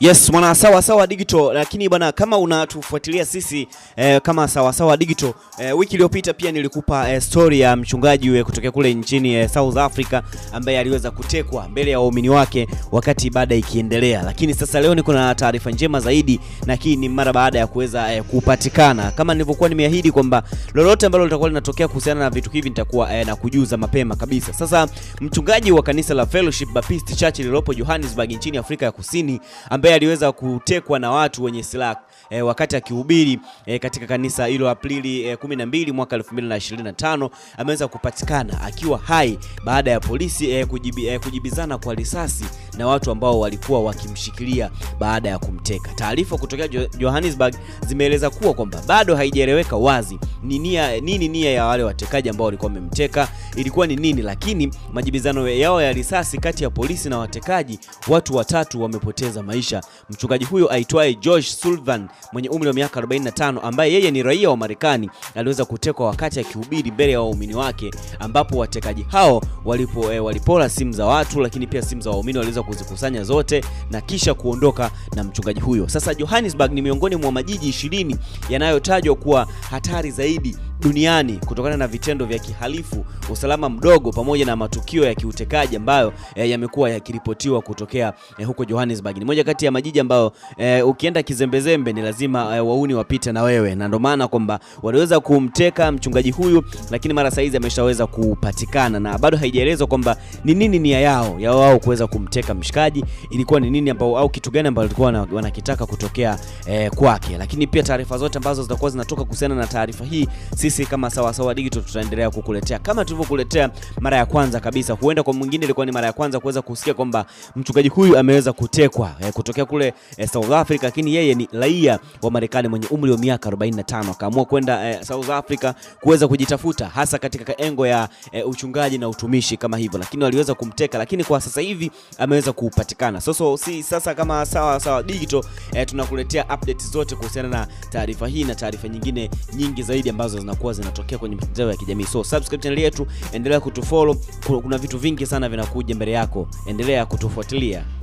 Yes mwana sawa sawa digital, lakini bwana, kama unatufuatilia sisi eh, kama sawa sawa digital eh, wiki iliyopita pia nilikupa eh, story ya mchungaji we eh, kutokea kule nchini eh, South Africa ambaye aliweza kutekwa mbele ya waumini wake wakati ibada ikiendelea, lakini sasa leo niko na taarifa njema zaidi, na hii ni mara baada ya kuweza eh, kupatikana kama nilivyokuwa nimeahidi kwamba lolote ambalo litakuwa linatokea kuhusiana na vitu hivi nitakuwa eh, na kujuza mapema kabisa. Sasa mchungaji wa kanisa la Fellowship Baptist Church lililopo Johannesburg nchini Afrika ya Kusini ambaye ambaye aliweza kutekwa na watu wenye silaha eh, wakati akihubiri eh, katika kanisa hilo Aprili eh, 12 mwaka 2025 ameweza kupatikana akiwa hai baada ya polisi eh, kujibi, eh, kujibizana kwa risasi na watu ambao walikuwa wakimshikilia baada ya kumteka. Taarifa kutokea Johannesburg zimeeleza kuwa kwamba bado haijaeleweka wazi ni nia, nini nia ya wale watekaji ambao walikuwa wamemteka ilikuwa ni nini, lakini majibizano yao ya risasi kati ya polisi na watekaji, watu watatu wamepoteza maisha. Mchungaji huyo aitwaye Josh Sullivan mwenye umri wa miaka 45 ambaye yeye ni raia wa Marekani aliweza kutekwa wakati akihubiri mbele ya waumini wake, ambapo watekaji hao walipo, eh, walipola simu za watu, lakini pia simu za waumini waliweza kuzikusanya zote na kisha kuondoka na mchungaji huyo. Sasa Johannesburg ni miongoni mwa majiji ishirini yanayotajwa kuwa hatari zaidi duniani kutokana na vitendo vya kihalifu, usalama mdogo, pamoja na matukio ya kiutekaji ambayo eh, yamekuwa yakiripotiwa kutokea eh, huko Johannesburg. Ni moja kati ya majiji ambayo eh, ukienda kizembezembe ni lazima eh, wauni wapite na wewe, na ndio maana kwamba waliweza kumteka mchungaji huyu, lakini mara saizi ameshaweza kupatikana, na bado haijaelezwa kwamba ni nini nia yao ya wao kuweza kumteka mshikaji, ilikuwa ni nini ambao, au kitu gani ambao walikuwa wanakitaka kutokea eh, kwake. Lakini pia taarifa zote ambazo zitakuwa zinatoka kuhusiana na taarifa hii si sisi kama Sawasawa Digital tutaendelea kukuletea kama tulivyokuletea mara ya kwanza kabisa. Huenda kwa mwingine ilikuwa ni mara ya kwanza kuweza kusikia kwamba mchungaji huyu ameweza kutekwa eh, kutokea kule eh, South Africa, lakini yeye ni raia wa Marekani mwenye umri wa miaka 45 akaamua kwenda eh, South Africa kuweza kujitafuta hasa katika engo ya eh, uchungaji na utumishi kama hivyo, lakini waliweza kumteka, lakini kwa sasa hivi ameweza kupatikana. So, so, si sasa kama sawa sawa Digital eh, tunakuletea updates zote kuhusiana na taarifa hii na taarifa nyingine nyingi zaidi ambazo zina zinakuwa zinatokea kwenye mitandao ya kijamii. So subscribe channel yetu, endelea kutufollow, kuna vitu vingi sana vinakuja mbele yako, endelea kutufuatilia.